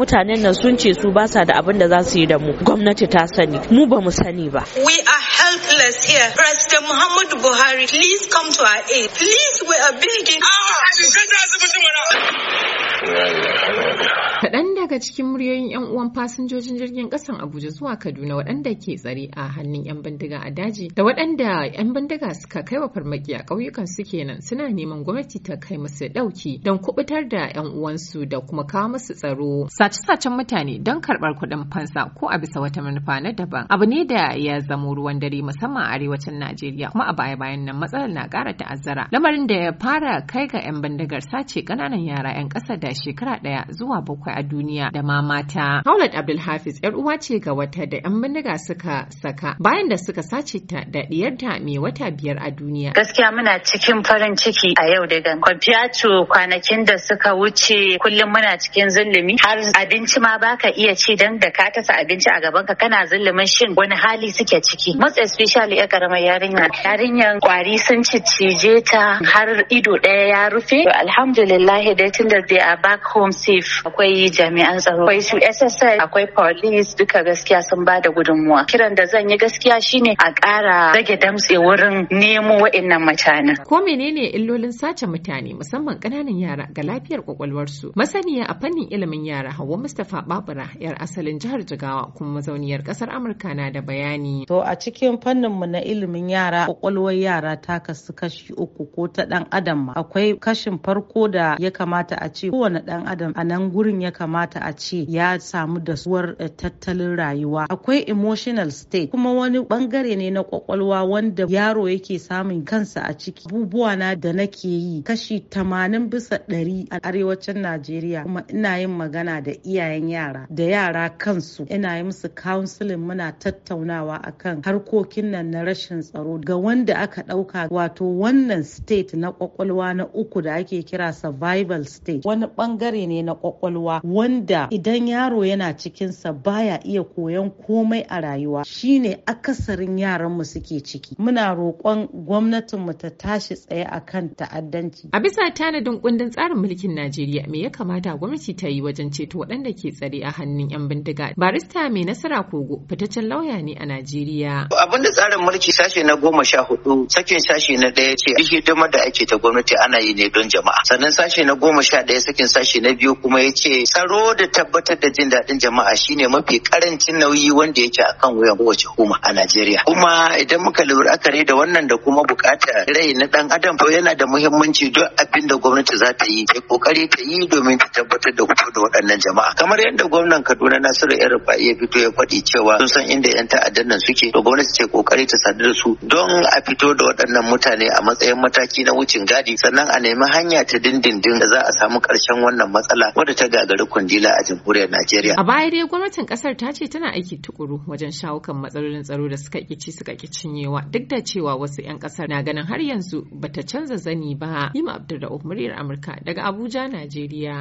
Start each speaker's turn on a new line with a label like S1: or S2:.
S1: mutanen nan sun ce su basa da abin da za su yi da mu gwamnati ta sani mu ba mu sani ba we are helpless here president muhammadu buhari please come to our aid please we are
S2: begging kaɗan daga cikin muryoyin 'yan uwan fasinjojin jirgin kasan Abuja zuwa Kaduna waɗanda ke tsare a hannun 'yan bindiga a daji da waɗanda 'yan bindiga suka kai wa farmaki a ƙauyukan su kenan suna neman gwamnati ta kai musu ɗauki don kubutar da 'yan uwansu da kuma kawo musu tsaro. Sace-sacen mutane don karɓar kuɗin fansa ko a bisa wata manufa na daban abu ne da ya zamo ruwan dare musamman a arewacin Najeriya kuma a baya-bayan nan matsalar na ƙara ta'azzara lamarin da ya fara kai ga 'yan bindigar sace ƙananan yara 'yan ƙasa da shekara ɗaya zuwa bakwai a duniya. duniya da ma mata. Abdul Abdulhafiz yar uwa ce ga wata da 'yan bindiga suka saka bayan da suka sace ta da diyarta mai wata biyar a duniya. Gaskiya muna cikin farin ciki a
S3: yau da gan. Kwafiyatu kwanakin da suka wuce kullum muna cikin zulumi har abinci ma baka iya ci dan da ka tasa abinci a gaban ka kana zulumin shin wani hali suke ciki. Most especially ya karamar yarinya. Yarinyan kwari sun cicije ta har ido ɗaya ya rufe. Alhamdulillah dai tun da they are back home safe akwai jami'a jami'an tsaro akwai su SSL akwai police duka gaskiya sun ba da gudunmuwa kiran da zan yi gaskiya shine
S2: a ƙara rage damtse wurin nemo wa'annan mutane. ko menene illolin sace mutane musamman ƙananan yara ga lafiyar su? masaniya a fannin ilimin yara Hauwa Mustapha Babura yar asalin jihar Jigawa kuma mazauniyar ƙasar Amurka na da bayani to a
S1: cikin fannin mu na ilimin yara kwakwalwar yara ta kasu kashi uku ko ta ɗan adam akwai kashin farko da ya kamata a ce kowane ɗan adam a nan gurin ya kamata kamata a ce ya samu dasuwar eh, tattalin rayuwa akwai emotional state kuma wani bangare ne na kwakwalwa wanda yaro yake samun kansa a ciki abubuwa na da nake yi kashi tamanin bisa ɗari a arewacin najeriya kuma ina yin magana da iyayen yara da yara kansu ina yi musu counseling muna tattaunawa akan harkokin nan na rashin tsaro ga wanda aka ɗauka wato wannan state na kwakwalwa na uku da ake kira survival state wani bangare ne na kwakwalwa wanda da idan yaro yana cikinsa baya iya koyon komai a rayuwa shine akasarin yaran mu suke ciki muna roƙon gwamnatinmu ta tashi tsaye akan ta'addanci
S2: a bisa tanadin kundin tsarin mulkin najeriya me ya kamata gwamnati ta yi wajen ceto waɗanda ke tsare a hannun 'yan bindiga barista mai nasara kogo fitaccen lauya ne a najeriya
S4: abin da tsarin mulki sashe na goma sha hudu sakin sashe na ɗaya ce hidimar da ake ta gwamnati ana yi ne don jama'a sannan sashe na goma sha ɗaya sakin sashe na biyu kuma ya ce tsaro da tabbatar da jin daɗin jama'a shine mafi karancin nauyi wanda yake a akan wuyan kowace hukuma a Najeriya. Kuma idan muka lura akare da wannan da kuma buƙatar rai na ɗan adam to yana da muhimmanci duk abin da gwamnati za ta yi ta kokari ta yi domin ta tabbatar da fito da waɗannan jama'a. Kamar yadda gwamnan Kaduna Nasiru ya rufa ya fito ya faɗi cewa sun san inda 'yan ta'addan nan suke to gwamnati ce kokari ta sadu da su don a fito da waɗannan mutane a matsayin mataki na wucin gadi sannan a nemi hanya ta dindindin da za a samu ƙarshen wannan matsala wadda ta gagari kundila kabila a jamhuriyar Najeriya. A baya
S2: dai gwamnatin kasar ta ce tana aiki tukuru wajen shawo kan matsalolin tsaro da suka kici suka ki cinyewa duk da cewa wasu 'yan kasar na ganin har yanzu bata canza zani ba. Yima Abdulrahman muryar Amurka daga Abuja, Najeriya.